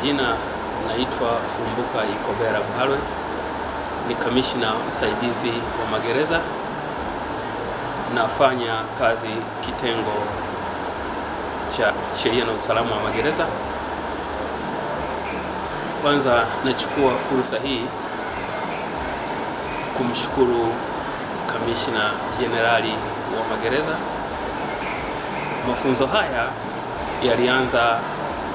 majina naitwa Fumbuka Ikobera Mhalwe, ni kamishna msaidizi wa magereza. Nafanya kazi kitengo cha sheria na usalama wa magereza. Kwanza nachukua fursa hii kumshukuru kamishna jenerali wa magereza. Mafunzo haya yalianza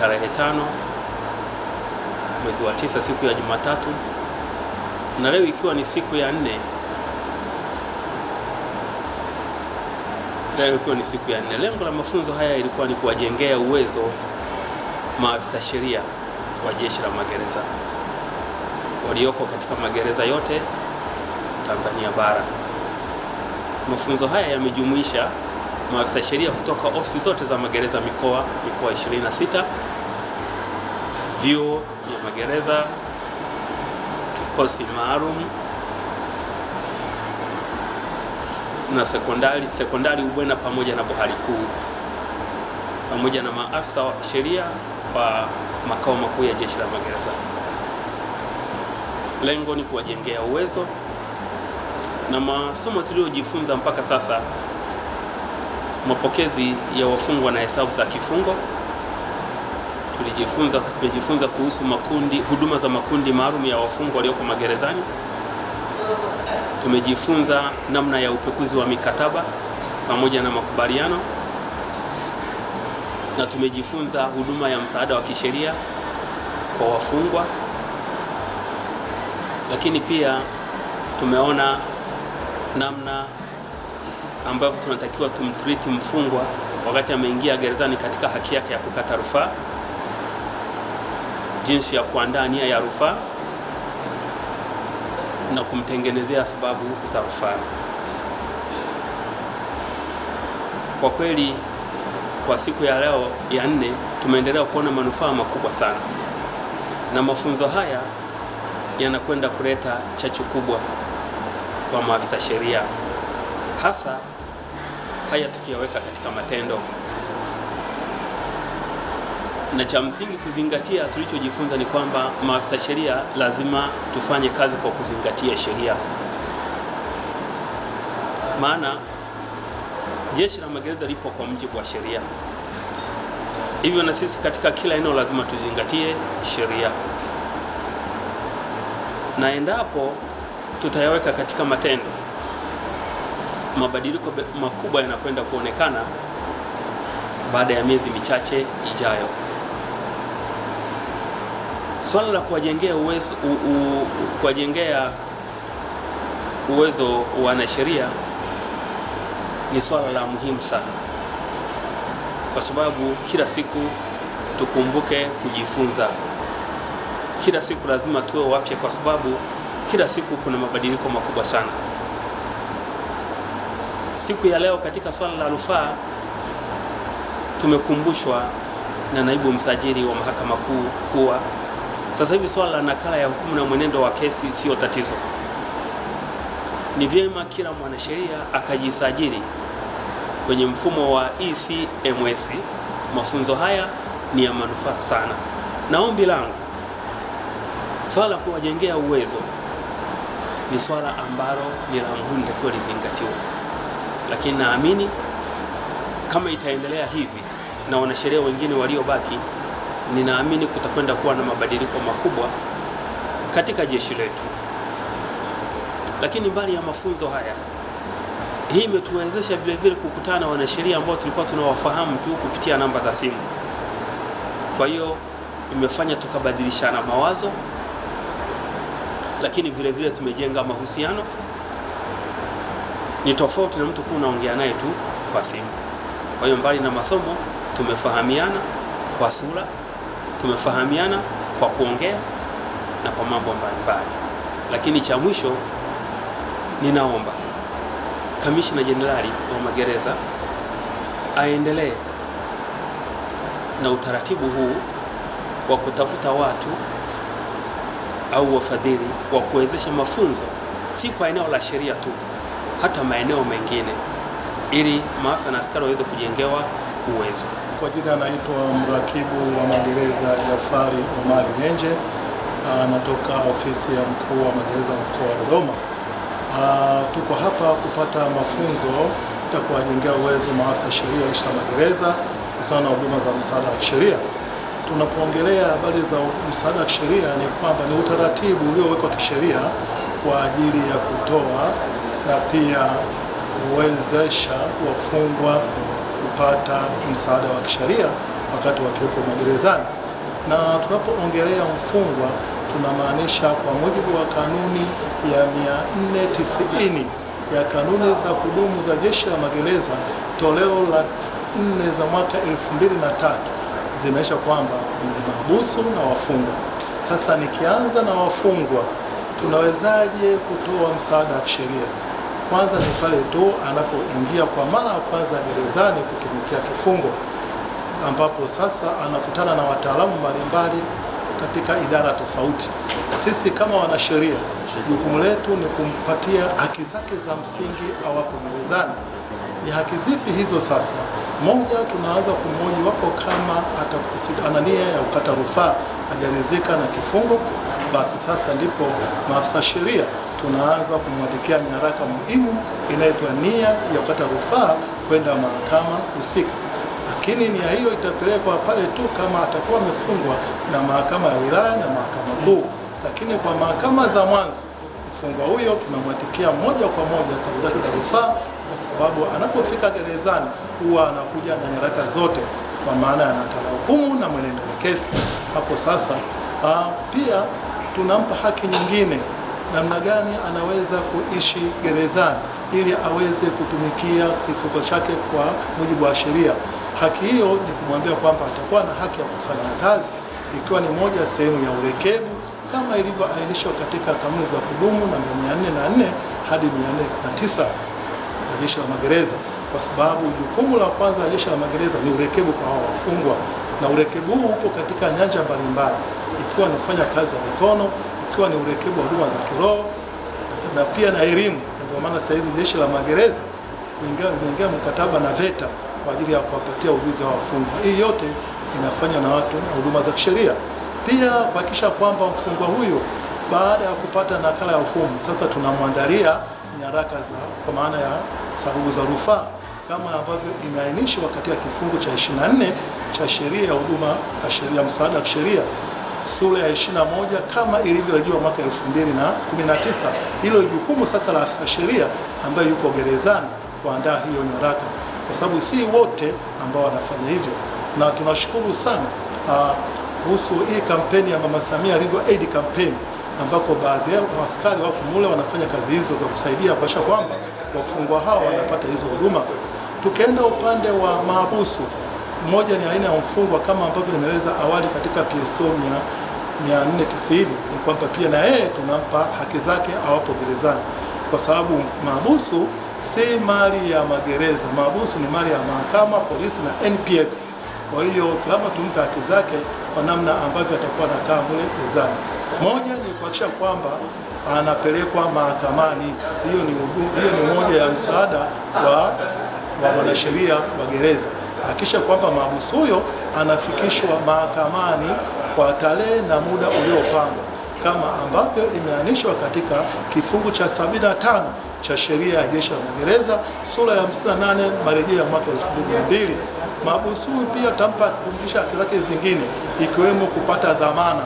tarehe tano mwezi wa tisa siku ya Jumatatu, na leo ikiwa ni siku ya nne, leo ikiwa ni siku ya nne. Lengo la mafunzo haya ilikuwa ni kuwajengea uwezo maafisa sheria wa jeshi la magereza walioko katika magereza yote Tanzania bara. Mafunzo haya yamejumuisha maafisa sheria kutoka ofisi zote za magereza mikoa mikoa 26 vyuo ya magereza, kikosi maalum na sekondari sekondari Ubwena pamoja na bohari kuu pamoja na maafisa wa sheria wa makao makuu ya jeshi la magereza. Lengo ni kuwajengea uwezo na masomo tuliyojifunza mpaka sasa, mapokezi ya wafungwa na hesabu za kifungo tulijifunza tumejifunza kuhusu makundi, huduma za makundi maalum ya wafungwa walioko magerezani. Tumejifunza namna ya upekuzi wa mikataba pamoja na makubaliano, na tumejifunza huduma ya msaada wa kisheria kwa wafungwa, lakini pia tumeona namna ambavyo tunatakiwa tumtreat mfungwa wakati ameingia gerezani katika haki yake ya kukata rufaa jinsi ya kuandaa nia ya rufaa na kumtengenezea sababu za rufaa. Kwa kweli kwa siku ya leo ya nne tumeendelea kuona manufaa makubwa sana, na mafunzo haya yanakwenda kuleta chachu kubwa kwa maafisa sheria, hasa haya tukiyaweka katika matendo na cha msingi kuzingatia tulichojifunza ni kwamba maafisa sheria lazima tufanye kazi kwa kuzingatia sheria, maana jeshi la magereza lipo kwa mujibu wa sheria. Hivyo na sisi katika kila eneo lazima tuzingatie sheria, na endapo tutayaweka katika matendo, mabadiliko makubwa yanakwenda kuonekana baada ya miezi michache ijayo. Swala la kuwajengea uwezo, kuwajengea uwezo wanasheria ni swala la muhimu sana, kwa sababu kila siku tukumbuke kujifunza. Kila siku lazima tuwe wapya, kwa sababu kila siku kuna mabadiliko makubwa sana. Siku ya leo katika swala la rufaa tumekumbushwa na naibu msajili wa mahakama kuu kuwa sasa hivi swala la nakala ya hukumu na mwenendo wa kesi siyo tatizo. Ni vyema kila mwanasheria akajisajili kwenye mfumo wa ECMS. Mafunzo haya ni ya manufaa sana, na ombi langu swala la kuwajengea uwezo ni swala ambalo ni la muhimu, takiwa lizingatiwa lakini naamini kama itaendelea hivi na wanasheria wengine waliobaki ninaamini kutakwenda kuwa na mabadiliko makubwa katika jeshi letu. Lakini mbali ya mafunzo haya, hii imetuwezesha vile vile kukutana na wanasheria ambao tulikuwa tunawafahamu tu kupitia namba za simu. Kwa hiyo imefanya tukabadilishana mawazo, lakini vile vile tumejenga mahusiano. Ni tofauti na mtu kuu unaongea naye tu kwa simu. Kwa hiyo mbali na masomo tumefahamiana kwa sura tumefahamiana kwa kuongea na kwa mambo mbalimbali, lakini cha mwisho ninaomba kamishina jenerali wa magereza aendelee na utaratibu huu wa kutafuta watu au wafadhili wa kuwezesha mafunzo si kwa eneo la sheria tu, hata maeneo mengine ili maafisa na askari waweze kujengewa uwezo. Kwa jina anaitwa mrakibu wa magereza Jafari Omari Nyenje, anatoka ofisi ya mkuu wa magereza mkoa wa Dodoma. Ah, tuko hapa kupata mafunzo ya kuwajengea uwezo maafisa sheria isha magereza kuhusiana na huduma za msaada wa kisheria. Tunapoongelea habari za msaada wa kisheria, ni kwamba ni utaratibu uliowekwa kisheria kwa ajili ya kutoa na pia kuwezesha wafungwa kupata msaada wa kisheria wakati wakiwepo magerezani. Na tunapoongelea mfungwa tunamaanisha kwa mujibu wa kanuni ya 490 ya kanuni za kudumu za jeshi la magereza toleo la nne za mwaka tatu zimeonyesha kwamba kuna mahabusu na wafungwa. Sasa nikianza na wafungwa, tunawezaje kutoa msaada wa kisheria? kwanza ni pale tu anapoingia kwa mara ya kwanza gerezani kutumikia kifungo, ambapo sasa anakutana na wataalamu mbalimbali katika idara tofauti. Sisi kama wanasheria, jukumu letu ni kumpatia haki zake za msingi awapo gerezani. Ni haki zipi hizo? Sasa moja, tunaanza kumhoji wapo kama ana nia ya kukata rufaa, hajaridhika na kifungo, basi sasa ndipo maafisa sheria tunaanza kumwandikia nyaraka muhimu inaitwa nia ya kukata rufaa kwenda mahakama husika, lakini nia hiyo itapelekwa pale tu kama atakuwa amefungwa na mahakama ya wilaya na mahakama kuu. Lakini kwa mahakama za mwanzo, mfungwa huyo tunamwandikia moja kwa moja sababu zake za rufaa, kwa sababu anapofika gerezani huwa anakuja na nyaraka zote, kwa maana ya nakala hukumu na mwenendo wa kesi. Hapo sasa a, ah, pia tunampa haki nyingine namna gani anaweza kuishi gerezani ili aweze kutumikia kifungo chake kwa mujibu wa sheria. Haki hiyo ni kumwambia kwamba atakuwa na haki ya kufanya kazi, ikiwa ni moja ya sehemu ya urekebu kama ilivyoainishwa katika kanuni za kudumu namba 404 hadi 409 za jeshi la magereza, kwa sababu jukumu la kwanza la jeshi la magereza ni urekebu kwa hao wafungwa na urekebu huu upo katika nyanja mbalimbali, ikiwa ni kufanya kazi za mikono, ikiwa ni urekebu wa huduma za kiroho na pia na elimu. Ndio maana sasa hizi jeshi la magereza imeingia mkataba na VETA kwa ajili ya kuwapatia ujuzi wa wafungwa. Hii yote inafanywa na watu na huduma za kisheria, pia kuhakikisha kwamba mfungwa huyo baada ya kupata nakala ya hukumu, sasa tunamwandalia nyaraka za kwa maana ya sababu za rufaa kama ambavyo imeainishwa katika kifungu cha 24 cha sheria ya huduma ya sheria msaada wa kisheria sura ya 21 kama ilivyorejewa mwaka 2019. Hilo jukumu sasa la afisa sheria ambaye yuko gerezani kuandaa hiyo nyaraka, kwa sababu si wote ambao wanafanya hivyo, na tunashukuru sana ah, kuhusu hii kampeni ya Mama Samia Legal Aid Campaign ambako baadhi ya askari wako mule wanafanya kazi hizo za kusaidia kuhakikisha kwamba wafungwa hao wanapata hizo huduma. Tukienda upande wa mahabusu, moja ni aina ya mfungwa kama ambavyo nimeeleza awali katika PSO 490 ni kwamba pia na yeye tunampa haki zake awapo gerezani, kwa sababu mahabusu si mali ya magereza. Mahabusu ni mali ya mahakama, polisi na NPS. Kwa hiyo labda tumpe haki zake kwa namna ambavyo atakuwa anakaa mule gerezani. Moja ni kuhakikisha kwamba anapelekwa mahakamani. Hiyo ni, hiyo ni moja ya msaada wa wa mwanasheria wa gereza hakikisha kwamba mahabusu huyo anafikishwa mahakamani kwa tarehe na muda uliopangwa kama ambavyo imeanishwa katika kifungu cha 75 cha sheria ya jeshi la magereza sura ya 58 marejeo ya mwaka 2002. Mahabusu huyu pia tampa kukumbusha haki zake zingine ikiwemo kupata dhamana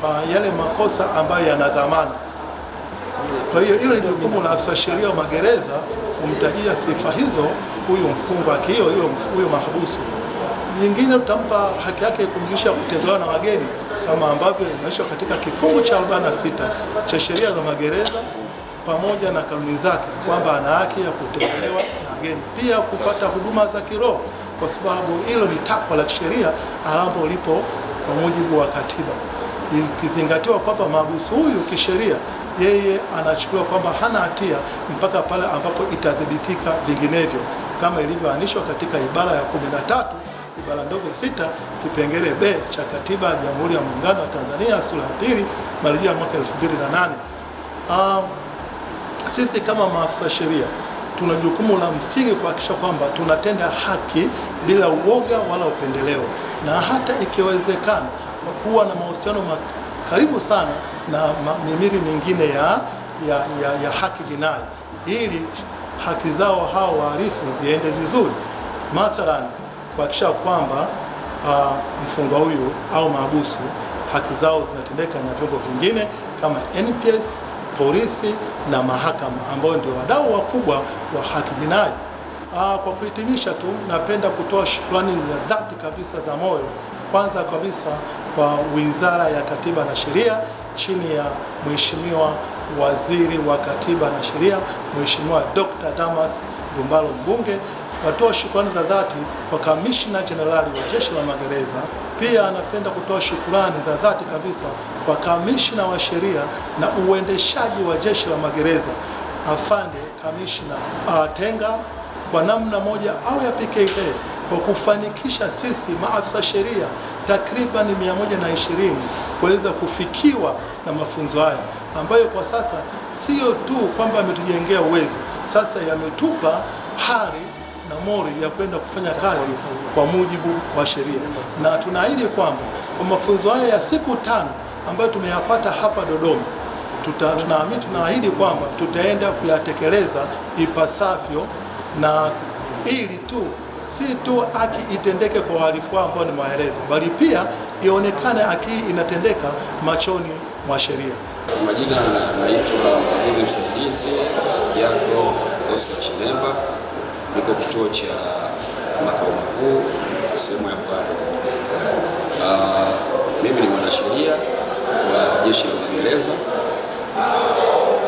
kwa yale makosa ambayo yana dhamana. Kwa hiyo hilo ni jukumu la afisa sheria wa magereza kumtajia sifa hizo huyu mfungwa hiyo, huyo mahabusu. Nyingine tutampa haki yake kumjisha kutembelewa na wageni kama ambavyo inaishwa katika kifungu cha 46 cha sheria za magereza pamoja na kanuni zake, kwamba ana haki ya kutembelewa na wageni, pia kupata huduma za kiroho, kwa sababu hilo ni takwa la kisheria hapo ulipo kwa mujibu wa katiba ikizingatiwa kwamba mahabusu huyu kisheria yeye anachukuliwa kwamba hana hatia mpaka pale ambapo itathibitika vinginevyo, kama ilivyoanishwa katika ibara ya 13 ibara ndogo sita kipengele B cha Katiba ya Jamhuri ya Muungano wa Tanzania sura ya pili marejeo ya mwaka 2008. Uh, um, sisi kama maafisa sheria tuna jukumu la msingi kuhakikisha kwamba tunatenda haki bila uoga wala upendeleo, na hata ikiwezekana kuwa na mahusiano karibu sana na mimiri mingine ya, ya, ya, ya haki jinai ili haki zao hao wahalifu ziende vizuri, mathalan kuhakikisha kwamba uh, mfungwa huyu au mahabusu haki zao zinatendeka na vyombo vingine kama NPS, polisi na mahakama ambao ndio wadau wakubwa wa haki jinai. Kwa kuhitimisha tu, napenda kutoa shukrani za dhati kabisa za moyo kwanza kabisa kwa Wizara ya Katiba na Sheria chini ya Mheshimiwa Waziri wa Katiba na Sheria, Mheshimiwa Dr. Damas Ndumbaro Mbunge. Natoa shukurani za dhati kwa Kamishna Jenerali wa Jeshi la Magereza. Pia anapenda kutoa shukurani za dhati kabisa kwa Kamishna wa Sheria na Uendeshaji wa Jeshi la Magereza, afande Kamishna Atenga, uh, kwa namna moja au ya pekee kwa kufanikisha sisi maafisa sheria takriban 120 kuweza kufikiwa na mafunzo haya ambayo kwa sasa sio tu kwamba yametujengea uwezo, sasa yametupa hari na mori ya kwenda kufanya kazi kwa mujibu wa sheria, na tunaahidi kwamba kwa mafunzo haya ya siku tano ambayo tumeyapata hapa Dodoma tunaamini tunaahidi kwamba tutaenda kuyatekeleza ipasavyo na ili tu si tu haki itendeke kwa wahalifu wao ambao nimewaeleza, bali pia ionekane haki inatendeka machoni mwa sheria. Majina naitwa mkaguzi msaidizi yako Oscar Chilemba, niko kituo cha makao makuu sehemu ya Bwara. Uh, mimi ni mwanasheria wa jeshi la magereza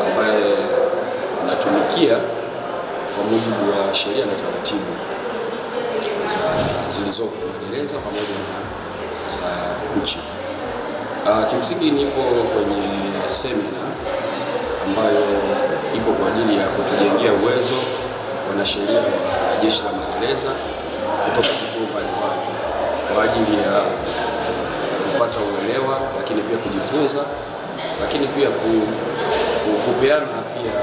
ambaye natumikia kwa mujibu wa sheria na taratibu za zilizopo magereza pamoja na za nchi. Uh, kimsingi nipo kwenye semina ambayo ipo kwa ajili ya kutujengea uwezo wanasheria wa jeshi la magereza kutoka vituo mbalimbali kwa ajili ya kupata uelewa, lakini pia kujifunza, lakini pia ku, ku, kupeana pia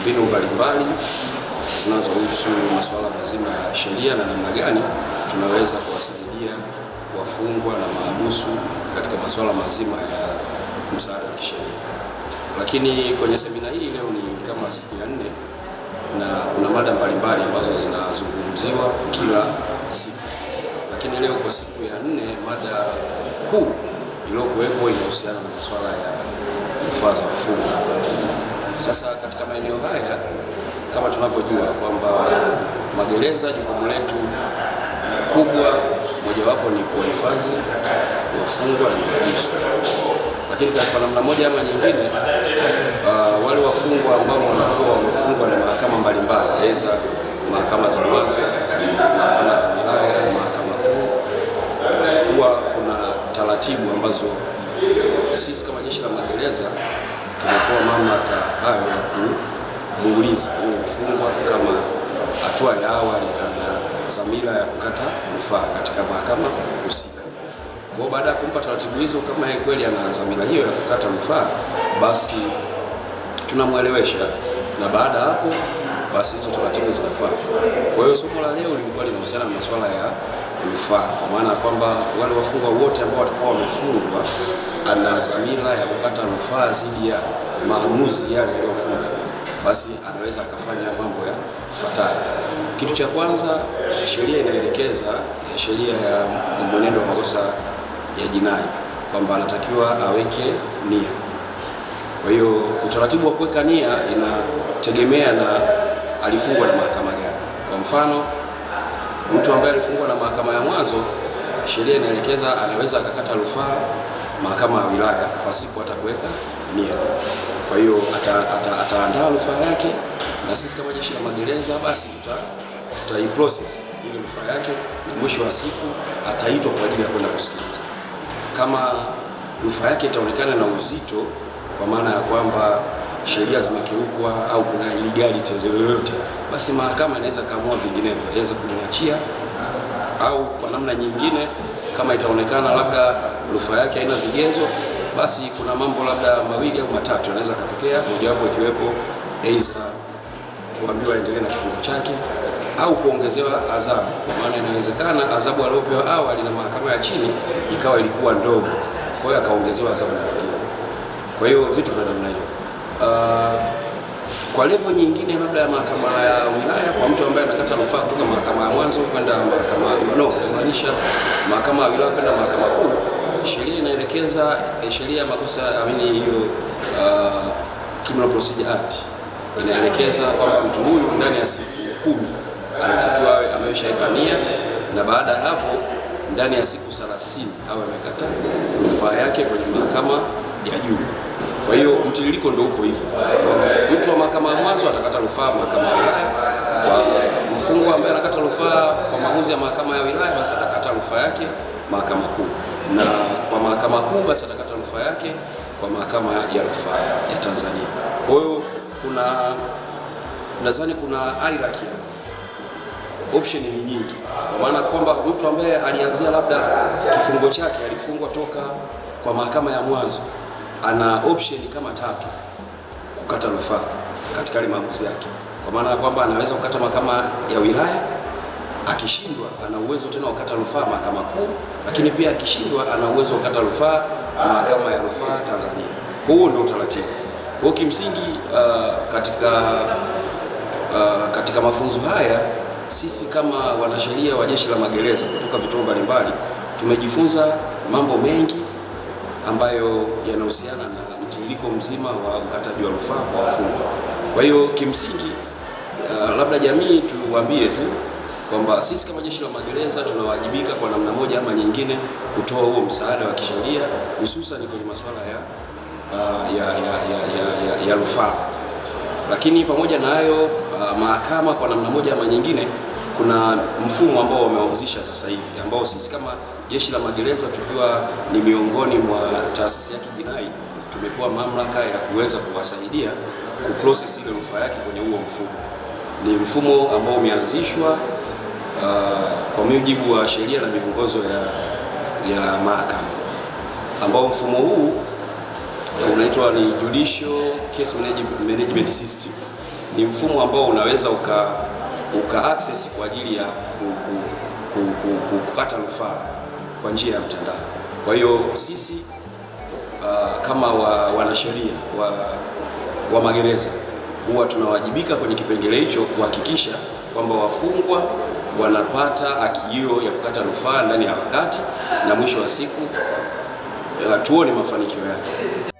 mbinu mbalimbali zinazohusu masuala mazima ya sheria na namna gani tunaweza kuwasaidia wafungwa na mahabusu katika masuala mazima ya msaada wa kisheria. Lakini kwenye semina hii leo ni kama siku ya nne na kuna mada mbalimbali ambazo zinazungumziwa kila siku, lakini leo kwa siku ya nne mada kuu iliyokuwepo inahusiana na masuala ya rufaa za wafungwa. Sasa katika maeneo haya kama tunavyojua kwamba magereza jukumu letu kubwa mojawapo ni kuwahifadhi wafungwa na mahabusu, lakini kwa namna moja ama nyingine uh, wale wafungwa ambao wanakuwa wamefungwa na mahakama mbalimbali, aidha mahakama za mwanzo, mahakama za wilaya, mahakama kuu, huwa kuna taratibu ambazo sisi kama jeshi la magereza tumepewa mamlaka hayo ya kuu kuuliza huyu mfungwa kama hatua ya awali ana dhamira ya kukata rufaa katika mahakama husika. Kwa baada ya kumpa taratibu hizo, kama yeye kweli ana dhamira hiyo ya kukata rufaa, basi tunamwelewesha na baada hapo basi hizo taratibu zinafuata. Kwa hiyo somo la leo lilikuwa linahusiana na masuala ya rufaa, kwa maana ya kwamba wale wafungwa wote ambao watakuwa wamefungwa ana dhamira ya kukata rufaa dhidi ya maamuzi yale yaliyofunga basi anaweza akafanya mambo ya fuatayo. Kitu cha kwanza, sheria inaelekeza, ya sheria ya mwenendo wa makosa ya jinai kwamba anatakiwa aweke nia. Kwa hiyo utaratibu wa kuweka nia inategemea na alifungwa na mahakama gani. Kwa mfano, mtu ambaye alifungwa na mahakama ya mwanzo, sheria inaelekeza anaweza akakata rufaa mahakama ya wilaya pasipo hata kuweka nia. Kwa hiyo ataandaa ata, ata rufaa yake na sisi kama jeshi la magereza basi tuta process ile rufaa yake, na mwisho wa siku ataitwa kwa ajili ya kwenda kusikiliza. Kama rufaa yake itaonekana na uzito, kwa maana ya kwamba sheria zimekiukwa au kuna illegality yoyote, basi mahakama inaweza kaamua vinginevyo, inaweza kumwachia au kwa namna nyingine, kama itaonekana labda rufaa yake haina vigezo basi kuna mambo labda mawili au matatu yanaweza kutokea, mojawapo ikiwepo aidha kuambiwa aendelee na kifungo chake au kuongezewa adhabu, kwa maana inawezekana adhabu aliyopewa awali na mahakama ya chini ikawa ilikuwa ndogo, kwa hiyo akaongezewa adhabu nyingine. Kwa hiyo vitu vya namna hiyo. Uh, kwa level nyingine labda ya mahakama ya wilaya, kwa mtu ambaye anakata rufaa kutoka mahakama ya mwanzo kwenda mahakama no, maanisha mahakama ya wilaya kwenda mahakama kuu sheria inaelekeza eh, sheria ya makosa amini hiyo uh, Criminal Procedure Act inaelekeza kwamba mtu huyu ndani ya siku kumi anatakiwa awe ameshaweka nia na baada ya hapo ndani ya siku 30 awe amekata rufaa yake kwenye mahakama ya juu. Kwa hiyo mtiririko ndio uko hivyo. Mtu wa mahakama ya mwanzo atakata rufaa mahakama ya wilaya, kwa mfungwa ambaye anakata rufaa kwa maamuzi ya mahakama ya wilaya, basi atakata rufaa yake mahakama kuu na kwa mahakama kuu basi atakata rufaa yake kwa mahakama ya rufaa ya Tanzania. Kwa hiyo kuna nadhani kuna hierarchy option ni nyingi, kwa maana kwamba mtu ambaye alianzia labda kifungo chake alifungwa toka kwa mahakama ya mwanzo ana option kama tatu kukata rufaa katika ile maamuzi yake, kwa maana kwamba anaweza kukata mahakama ya wilaya Akishindwa ana uwezo tena wa kukata rufaa mahakama kuu, lakini pia akishindwa ana uwezo wa kukata rufaa mahakama ya rufaa Tanzania. Kwa hiyo ndio utaratibu. Kwa hiyo kimsingi uh, katika, uh, katika mafunzo haya sisi kama wanasheria wa jeshi la magereza kutoka vituo mbalimbali tumejifunza mambo mengi ambayo yanahusiana na mtiririko mzima wa ukataji wa rufaa kwa wafungwa. Kwa hiyo kimsingi, uh, labda jamii tuwaambie tu kwamba sisi kama jeshi la magereza tunawajibika kwa namna moja ama nyingine kutoa huo msaada wa kisheria hususan kwenye masuala ya, uh, ya, ya, ya, ya, ya, ya rufaa. Lakini pamoja na hayo uh, mahakama kwa namna moja ama nyingine kuna mfumo ambao wameanzisha sasa hivi ambao sisi kama jeshi la magereza tukiwa ni miongoni mwa taasisi ya kijinai tumepewa mamlaka ya kuweza kuwasaidia kuprocess ile rufaa yake kwenye huo mfumo. Ni mfumo ambao umeanzishwa Uh, kwa mujibu wa sheria na miongozo ya, ya mahakama ambao mfumo huu unaitwa ni Judicial Case Management System. Ni mfumo ambao unaweza uka, uka access kwa ajili ya kukata rufaa kwa njia ya mtandao. Kwa hiyo sisi uh, kama wanasheria wa, wa, wa magereza huwa tunawajibika kwenye kipengele hicho kuhakikisha kwamba wafungwa wanapata haki hiyo ya kukata rufaa ndani ya wakati, na mwisho wa siku eh, tuone mafanikio yake.